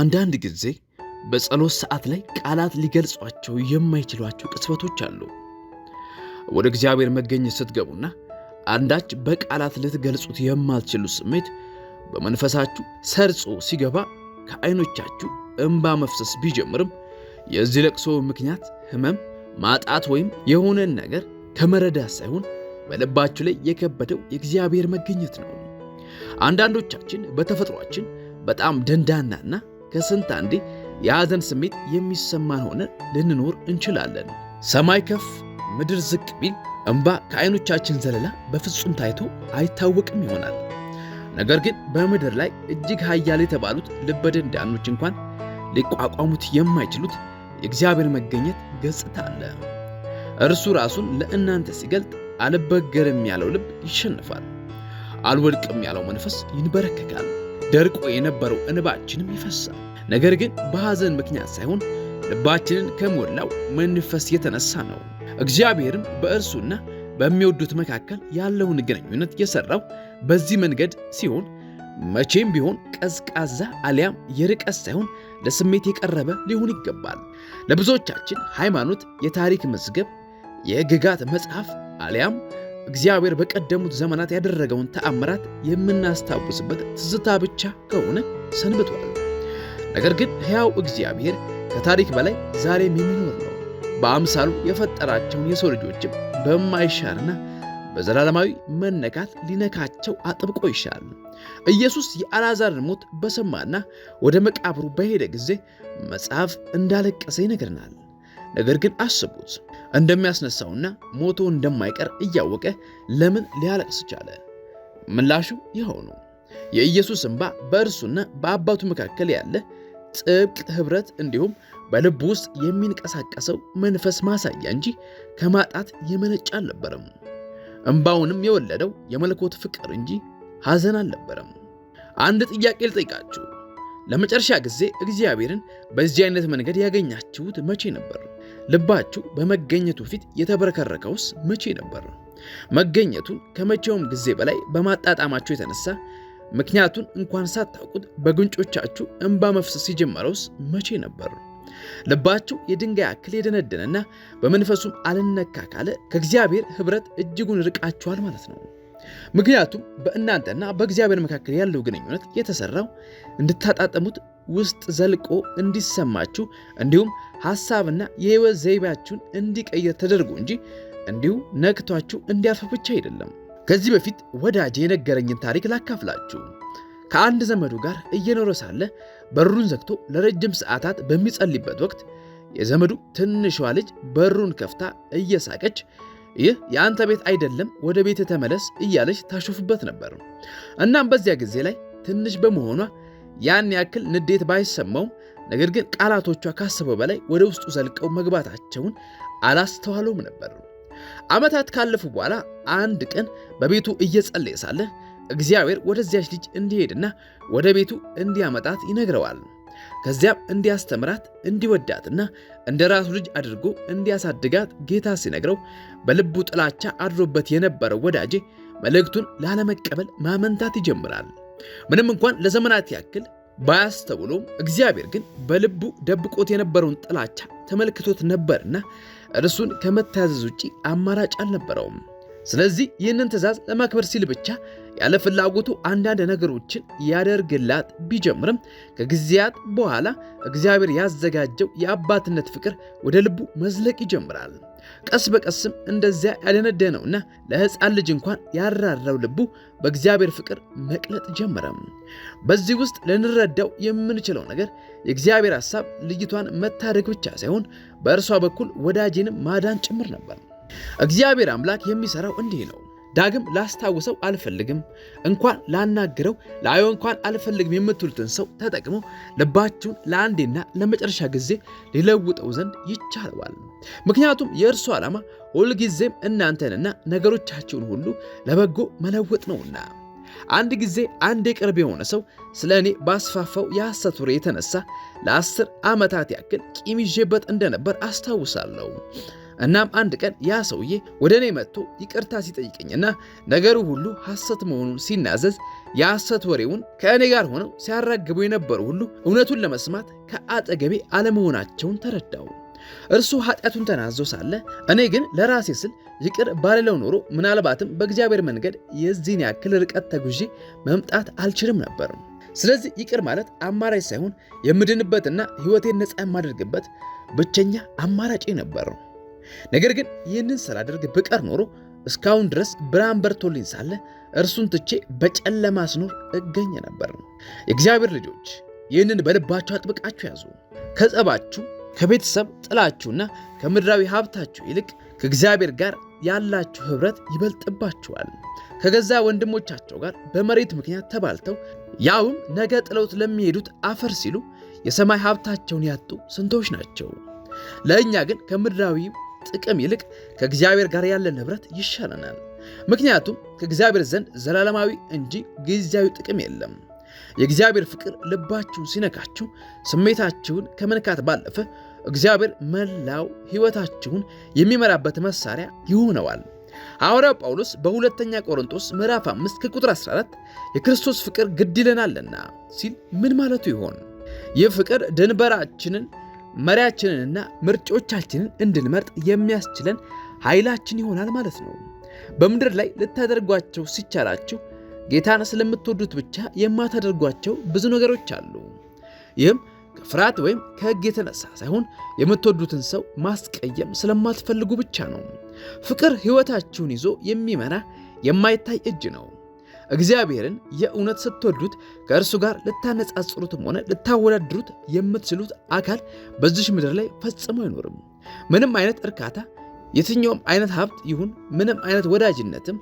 አንዳንድ ጊዜ በጸሎት ሰዓት ላይ ቃላት ሊገልጿቸው የማይችሏቸው ቅጽበቶች አሉ። ወደ እግዚአብሔር መገኘት ስትገቡና አንዳች በቃላት ልትገልጹት የማትችሉ ስሜት በመንፈሳችሁ ሰርጾ ሲገባ ከዓይኖቻችሁ እንባ መፍሰስ ቢጀምርም የዚህ ለቅሶ ምክንያት ሕመም፣ ማጣት ወይም የሆነን ነገር ከመረዳት ሳይሆን በልባችሁ ላይ የከበደው የእግዚአብሔር መገኘት ነው። አንዳንዶቻችን በተፈጥሯችን በጣም ደንዳናና ከስንት አንዴ የሐዘን ስሜት የሚሰማን ሆነ ልንኖር እንችላለን። ሰማይ ከፍ ምድር ዝቅ ቢል እንባ ከዓይኖቻችን ዘለላ በፍጹም ታይቶ አይታወቅም ይሆናል። ነገር ግን በምድር ላይ እጅግ ኃያል የተባሉት ልበደንዳኖች እንኳን ሊቋቋሙት የማይችሉት የእግዚአብሔር መገኘት ገጽታ አለ። እርሱ ራሱን ለእናንተ ሲገልጥ አልበገርም ያለው ልብ ይሸንፋል፣ አልወድቅም ያለው መንፈስ ይንበረከካል። ደርቆ የነበረው እንባችንም ይፈሳል። ነገር ግን በሐዘን ምክንያት ሳይሆን ልባችንን ከሞላው መንፈስ የተነሳ ነው። እግዚአብሔርም በእርሱና በሚወዱት መካከል ያለውን ግንኙነት የሰራው በዚህ መንገድ ሲሆን መቼም ቢሆን ቀዝቃዛ አሊያም የርቀት ሳይሆን ለስሜት የቀረበ ሊሆን ይገባል። ለብዙዎቻችን ሃይማኖት የታሪክ መዝገብ፣ የሕግጋት መጽሐፍ አሊያም እግዚአብሔር በቀደሙት ዘመናት ያደረገውን ተአምራት የምናስታውስበት ትዝታ ብቻ ከሆነ ሰንብቷል። ነገር ግን ሕያው እግዚአብሔር ከታሪክ በላይ ዛሬም የሚኖር ነው። በአምሳሉ የፈጠራቸውን የሰው ልጆችም በማይሻርና በዘላለማዊ መነካት ሊነካቸው አጥብቆ ይሻል። ኢየሱስ የአልዓዛርን ሞት በሰማና ወደ መቃብሩ በሄደ ጊዜ መጽሐፍ እንዳለቀሰ ይነግርናል። ነገር ግን አስቡት እንደሚያስነሳውና ሞቶ እንደማይቀር እያወቀ ለምን ሊያለቅስ ቻለ? ምላሹ ይኸው ነው። የኢየሱስ እንባ በእርሱና በአባቱ መካከል ያለ ጥብቅ ኅብረት እንዲሁም በልቡ ውስጥ የሚንቀሳቀሰው መንፈስ ማሳያ እንጂ ከማጣት የመነጨ አልነበረም። እንባውንም የወለደው የመለኮት ፍቅር እንጂ ሐዘን አልነበረም። አንድ ጥያቄ ልጠይቃችሁ። ለመጨረሻ ጊዜ እግዚአብሔርን በዚህ አይነት መንገድ ያገኛችሁት መቼ ነበር? ልባችሁ በመገኘቱ ፊት የተበረከረከውስ መቼ ነበር? መገኘቱን ከመቼውም ጊዜ በላይ በማጣጣማችሁ የተነሳ ምክንያቱን እንኳን ሳታውቁት በጉንጮቻችሁ እንባ መፍሰስ ሲጀመረውስ መቼ ነበር? ልባችሁ የድንጋይ አክል የደነደነና በመንፈሱም አልነካ ካለ ከእግዚአብሔር ኅብረት እጅጉን ርቃችኋል ማለት ነው። ምክንያቱም በእናንተና በእግዚአብሔር መካከል ያለው ግንኙነት የተሰራው እንድታጣጠሙት ውስጥ ዘልቆ እንዲሰማችሁ እንዲሁም ሐሳብና የሕይወት ዘይቤያችሁን እንዲቀየር ተደርጎ እንጂ እንዲሁ ነክቷችሁ እንዲያርፍ ብቻ አይደለም። ከዚህ በፊት ወዳጅ የነገረኝን ታሪክ ላካፍላችሁ። ከአንድ ዘመዱ ጋር እየኖረ ሳለ በሩን ዘግቶ ለረጅም ሰዓታት በሚጸልይበት ወቅት የዘመዱ ትንሿ ልጅ በሩን ከፍታ እየሳቀች ይህ የአንተ ቤት አይደለም፣ ወደ ቤት ተመለስ እያለች ታሾፍበት ነበር። እናም በዚያ ጊዜ ላይ ትንሽ በመሆኗ ያን ያክል ንዴት ባይሰማውም ነገር ግን ቃላቶቿ ካሰበው በላይ ወደ ውስጡ ዘልቀው መግባታቸውን አላስተዋለውም ነበር። ዓመታት ካለፉ በኋላ አንድ ቀን በቤቱ እየጸለየ ሳለ እግዚአብሔር ወደዚያች ልጅ እንዲሄድና ወደ ቤቱ እንዲያመጣት ይነግረዋል። ከዚያም እንዲያስተምራት እንዲወዳትና እንደ ራሱ ልጅ አድርጎ እንዲያሳድጋት ጌታ ሲነግረው በልቡ ጥላቻ አድሮበት የነበረው ወዳጄ መልእክቱን ላለመቀበል ማመንታት ይጀምራል። ምንም እንኳን ለዘመናት ያክል ባያስተውሎም እግዚአብሔር ግን በልቡ ደብቆት የነበረውን ጥላቻ ተመልክቶት ነበርና እርሱን ከመታዘዝ ውጪ አማራጭ አልነበረውም። ስለዚህ ይህንን ትእዛዝ ለማክበር ሲል ብቻ ያለ ፍላጎቱ አንዳንድ ነገሮችን ያደርግላት ቢጀምርም ከጊዜያት በኋላ እግዚአብሔር ያዘጋጀው የአባትነት ፍቅር ወደ ልቡ መዝለቅ ይጀምራል። ቀስ በቀስም እንደዚያ ያደነደነውና ለሕፃን ልጅ እንኳን ያራራው ልቡ በእግዚአብሔር ፍቅር መቅለጥ ጀመረም። በዚህ ውስጥ ልንረዳው የምንችለው ነገር የእግዚአብሔር ሐሳብ ልጅቷን መታደግ ብቻ ሳይሆን በእርሷ በኩል ወዳጄንም ማዳን ጭምር ነበር። እግዚአብሔር አምላክ የሚሠራው እንዲህ ነው። ዳግም ላስታውሰው አልፈልግም፣ እንኳን ላናግረው ላየው እንኳን አልፈልግም የምትሉትን ሰው ተጠቅሞ ልባችሁን ለአንዴና ለመጨረሻ ጊዜ ሊለውጠው ዘንድ ይቻለዋል። ምክንያቱም የእርሱ ዓላማ ሁልጊዜም እናንተንና ነገሮቻችሁን ሁሉ ለበጎ መለወጥ ነውና። አንድ ጊዜ አንድ የቅርብ የሆነ ሰው ስለ እኔ ባስፋፋው የሐሰት ወሬ የተነሳ ለአስር ዓመታት ያክል ቂም ይዤበት እንደነበር አስታውሳለሁ። እናም አንድ ቀን ያ ሰውዬ ወደ እኔ መጥቶ ይቅርታ ሲጠይቀኝና ነገሩ ሁሉ ሐሰት መሆኑን ሲናዘዝ የሐሰት ወሬውን ከእኔ ጋር ሆነው ሲያራግቡ የነበሩ ሁሉ እውነቱን ለመስማት ከአጠገቤ አለመሆናቸውን ተረዳው። እርሱ ኃጢአቱን ተናዞ ሳለ እኔ ግን ለራሴ ስል ይቅር ባልለው ኖሮ ምናልባትም በእግዚአብሔር መንገድ የዚህን ያክል ርቀት ተጉዤ መምጣት አልችልም ነበር። ስለዚህ ይቅር ማለት አማራጭ ሳይሆን የምድንበትና ሕይወቴን ነፃ የማደርግበት ብቸኛ አማራጭ ነበር። ነገር ግን ይህንን ስላደርግ ብቀር ኖሮ እስካሁን ድረስ ብርሃን በርቶልኝ ሳለ እርሱን ትቼ በጨለማ ስኖር እገኘ ነበር ነው። የእግዚአብሔር ልጆች ይህንን በልባችሁ አጥብቃችሁ ያዙ። ከጸባችሁ፣ ከቤተሰብ ጥላችሁና ከምድራዊ ሀብታችሁ ይልቅ ከእግዚአብሔር ጋር ያላችሁ ኅብረት ይበልጥባችኋል። ከገዛ ወንድሞቻቸው ጋር በመሬት ምክንያት ተባልተው ያውም ነገ ጥለውት ለሚሄዱት አፈር ሲሉ የሰማይ ሀብታቸውን ያጡ ስንቶች ናቸው። ለእኛ ግን ከምድራዊ ጥቅም ይልቅ ከእግዚአብሔር ጋር ያለን ኅብረት ይሻለናል። ምክንያቱም ከእግዚአብሔር ዘንድ ዘላለማዊ እንጂ ጊዜያዊ ጥቅም የለም። የእግዚአብሔር ፍቅር ልባችሁን ሲነካችሁ ስሜታችሁን ከመንካት ባለፈ እግዚአብሔር መላው ሕይወታችሁን የሚመራበት መሳሪያ ይሆነዋል። ሐዋርያው ጳውሎስ በሁለተኛ ቆሮንቶስ ምዕራፍ 5 ከቁጥር 14 የክርስቶስ ፍቅር ግድ ይለናልና ሲል ምን ማለቱ ይሆን? ይህ ፍቅር ድንበራችንን መሪያችንንና ምርጫዎቻችንን እንድንመርጥ የሚያስችለን ኃይላችን ይሆናል ማለት ነው። በምድር ላይ ልታደርጓቸው ሲቻላችሁ ጌታን ስለምትወዱት ብቻ የማታደርጓቸው ብዙ ነገሮች አሉ። ይህም ከፍርሃት ወይም ከሕግ የተነሳ ሳይሆን የምትወዱትን ሰው ማስቀየም ስለማትፈልጉ ብቻ ነው። ፍቅር ሕይወታችሁን ይዞ የሚመራ የማይታይ እጅ ነው። እግዚአብሔርን የእውነት ስትወዱት ከእርሱ ጋር ልታነጻጽሩትም ሆነ ልታወዳድሩት የምትችሉት አካል በዚሽ ምድር ላይ ፈጽሞ አይኖርም። ምንም አይነት እርካታ፣ የትኛውም አይነት ሀብት ይሁን ምንም አይነት ወዳጅነትም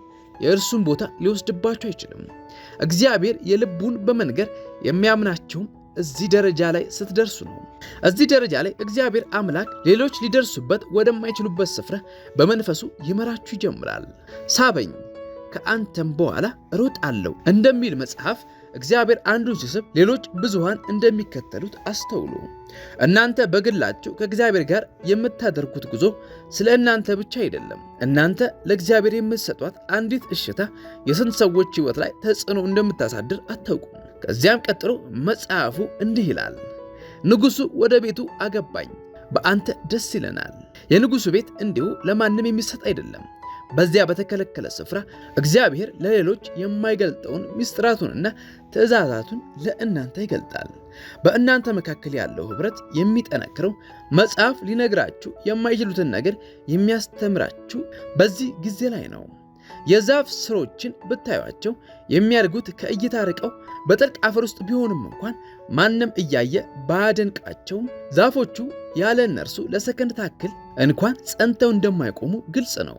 የእርሱን ቦታ ሊወስድባቸው አይችልም። እግዚአብሔር የልቡን በመንገር የሚያምናቸውም እዚህ ደረጃ ላይ ስትደርሱ ነው። እዚህ ደረጃ ላይ እግዚአብሔር አምላክ ሌሎች ሊደርሱበት ወደማይችሉበት ስፍራ በመንፈሱ ይመራችሁ ይጀምራል። ሳበኝ ከአንተም በኋላ እሮጣለሁ እንደሚል መጽሐፍ እግዚአብሔር አንዱን ሲስብ ሌሎች ብዙሃን እንደሚከተሉት አስተውሉ። እናንተ በግላችሁ ከእግዚአብሔር ጋር የምታደርጉት ጉዞ ስለ እናንተ ብቻ አይደለም። እናንተ ለእግዚአብሔር የምትሰጧት አንዲት እሽታ የስንት ሰዎች ሕይወት ላይ ተጽዕኖ እንደምታሳድር አታውቁም። ከዚያም ቀጥሎ መጽሐፉ እንዲህ ይላል፣ ንጉሡ ወደ ቤቱ አገባኝ፣ በአንተ ደስ ይለናል። የንጉሡ ቤት እንዲሁ ለማንም የሚሰጥ አይደለም በዚያ በተከለከለ ስፍራ እግዚአብሔር ለሌሎች የማይገልጠውን ምስጢራቱንና ትእዛዛቱን ለእናንተ ይገልጣል። በእናንተ መካከል ያለው ኅብረት የሚጠነክረው መጽሐፍ ሊነግራችሁ የማይችሉትን ነገር የሚያስተምራችሁ በዚህ ጊዜ ላይ ነው። የዛፍ ስሮችን ብታዩቸው የሚያድጉት ከእይታ ርቀው በጥልቅ አፈር ውስጥ ቢሆንም እንኳን ማንም እያየ ባያደንቃቸውም ዛፎቹ ያለ እነርሱ ለሰከንድ ታክል እንኳን ጸንተው እንደማይቆሙ ግልጽ ነው።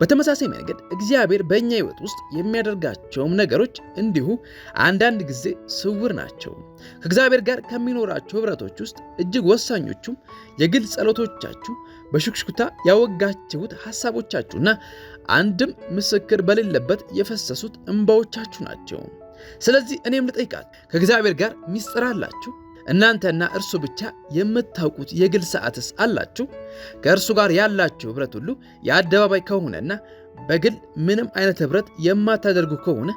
በተመሳሳይ መንገድ እግዚአብሔር በእኛ ሕይወት ውስጥ የሚያደርጋቸውም ነገሮች እንዲሁ አንዳንድ ጊዜ ስውር ናቸው። ከእግዚአብሔር ጋር ከሚኖራቸው ኅብረቶች ውስጥ እጅግ ወሳኞቹም የግል ጸሎቶቻችሁ፣ በሹክሹክታ ያወጋችሁት ሐሳቦቻችሁና አንድም ምስክር በሌለበት የፈሰሱት እንባዎቻችሁ ናቸው። ስለዚህ እኔም ልጠይቃት፣ ከእግዚአብሔር ጋር ሚስጥር አላችሁ? እናንተና እርሱ ብቻ የምታውቁት የግል ሰዓትስ አላችሁ? ከእርሱ ጋር ያላችሁ ኅብረት ሁሉ የአደባባይ ከሆነና በግል ምንም አይነት ኅብረት የማታደርጉ ከሆነ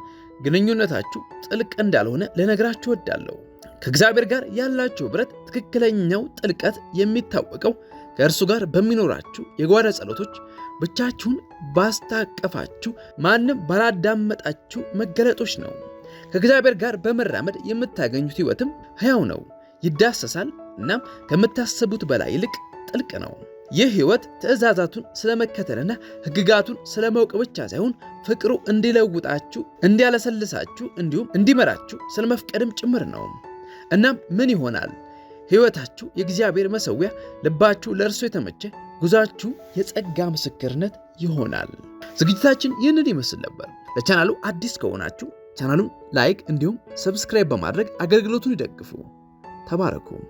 ግንኙነታችሁ ጥልቅ እንዳልሆነ ልነግራችሁ እወዳለሁ። ከእግዚአብሔር ጋር ያላችሁ ኅብረት ትክክለኛው ጥልቀት የሚታወቀው ከእርሱ ጋር በሚኖራችሁ የጓዳ ጸሎቶች ብቻችሁን ባስታቀፋችሁ ማንም ባላዳመጣችሁ መገለጦች ነው። ከእግዚአብሔር ጋር በመራመድ የምታገኙት ሕይወትም ሕያው ነው፣ ይዳሰሳል፣ እናም ከምታስቡት በላይ ይልቅ ጥልቅ ነው። ይህ ሕይወት ትእዛዛቱን ስለመከተልና ሕግጋቱን ስለመውቅ ብቻ ሳይሆን ፍቅሩ እንዲለውጣችሁ፣ እንዲያለሰልሳችሁ እንዲሁም እንዲመራችሁ ስለመፍቀድም ጭምር ነው። እናም ምን ይሆናል? ሕይወታችሁ የእግዚአብሔር መሠዊያ፣ ልባችሁ ለእርሱ የተመቸ፣ ጉዟችሁ የጸጋ ምስክርነት ይሆናል። ዝግጅታችን ይህንን ይመስል ነበር። ለቻናሉ አዲስ ከሆናችሁ ቻናሉን ላይክ እንዲሁም ሰብስክራይብ በማድረግ አገልግሎቱን ይደግፉ። ተባረኩም።